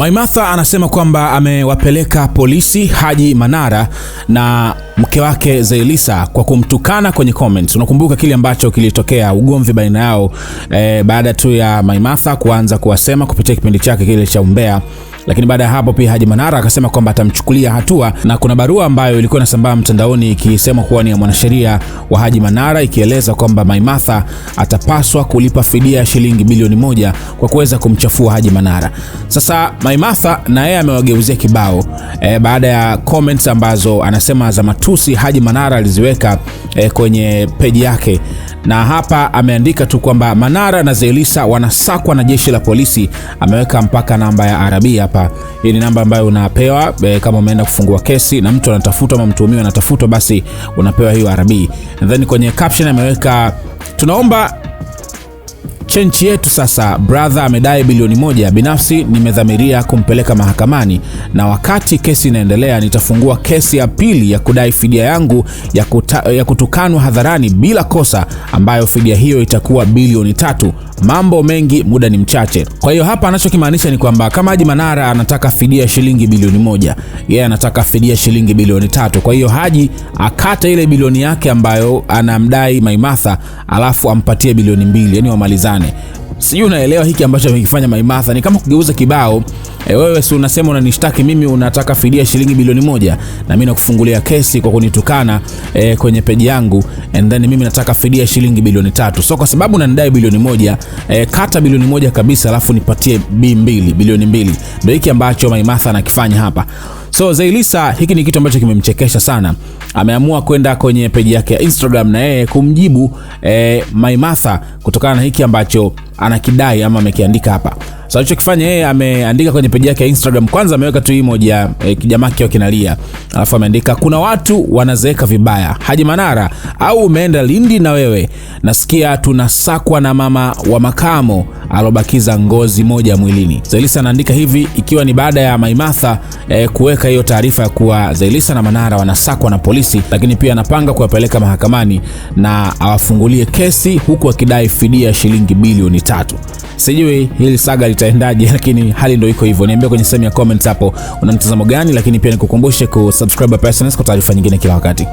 Maimartha anasema kwamba amewapeleka polisi Haji Manara na mke wake Zailisa kwa kumtukana kwenye comments. Unakumbuka kile ambacho kilitokea ugomvi baina yao e, baada tu ya Maimartha kuanza kuwasema kupitia kipindi chake kile cha umbea lakini baada ya hapo pia Haji Manara akasema kwamba atamchukulia hatua, na kuna barua ambayo ilikuwa inasambaa mtandaoni ikisema kuwa ni ya mwanasheria wa Haji Manara ikieleza kwamba Maimartha atapaswa kulipa fidia ya shilingi bilioni moja kwa kuweza kumchafua Haji Manara. Sasa Maimartha na yeye amewageuzia kibao e, baada ya comments ambazo anasema za matusi Haji Manara aliziweka e, kwenye peji yake na hapa ameandika tu kwamba Manara na Zaiylissa wanasakwa na jeshi la polisi, ameweka mpaka namba ya Arabia hapa hapa. Hii ni namba ambayo unapewa e, kama umeenda kufungua kesi na mtu anatafutwa ama mtuhumiwa anatafutwa, basi unapewa hiyo RB. Nadhani kwenye caption ameweka tunaomba Che nchi yetu sasa, brother amedai bilioni moja. Binafsi nimedhamiria kumpeleka mahakamani, na wakati kesi inaendelea, nitafungua kesi ya pili ya kudai fidia yangu ya, kuta, ya kutukanwa hadharani bila kosa, ambayo fidia hiyo itakuwa bilioni tatu. Mambo mengi, muda ni mchache. Kwa hiyo hapa anachokimaanisha ni kwamba kama Haji Manara anataka fidia shilingi bilioni moja, yeye anataka fidia shilingi bilioni tatu. Kwa hiyo Haji akate ile bilioni yake ambayo anamdai Maimatha, alafu ampatie bilioni mbili, yani wamalizane nane. Sijui unaelewa hiki ambacho amekifanya Maimartha, ni kama kugeuza kibao e, wewe si unasema unanishtaki mimi, unataka fidia shilingi bilioni moja na mimi nakufungulia kesi kwa kunitukana e, kwenye peji yangu and then mimi nataka fidia shilingi bilioni tatu. So kwa sababu unanidai bilioni moja e, kata bilioni moja kabisa, alafu nipatie b mbili bilioni mbili. Ndio hiki ambacho Maimartha anakifanya hapa. So Zailisa hiki ni kitu ambacho kimemchekesha sana. Ameamua kwenda kwenye peji yake ya Instagram na yeye kumjibu eh, Maimartha kutokana na hiki ambacho anakidai ama amekiandika hapa. So alichokifanya yeye ameandika kwenye peji yake ya Instagram, kwanza ameweka tu emoji ya e, eh, kijamaa kio kinalia, alafu ameandika kuna watu wanazeeka vibaya. Haji Manara au umeenda Lindi na wewe, nasikia tunasakwa na mama wa makamo alobakiza ngozi moja mwilini. Zailisa anaandika hivi ikiwa ni baada ya Maimatha e, kuweka hiyo taarifa ya kuwa Zailisa na Manara wanasakwa na polisi, lakini pia anapanga kuwapeleka mahakamani na awafungulie kesi huku akidai fidia shilingi bilioni tatu. Sijui hili saga litaendaje, lakini hali ndio iko hivyo. Niambia kwenye sehemu ya comments hapo una mtazamo gani, lakini pia nikukumbushe kusubscribe kwa taarifa nyingine kila wakati.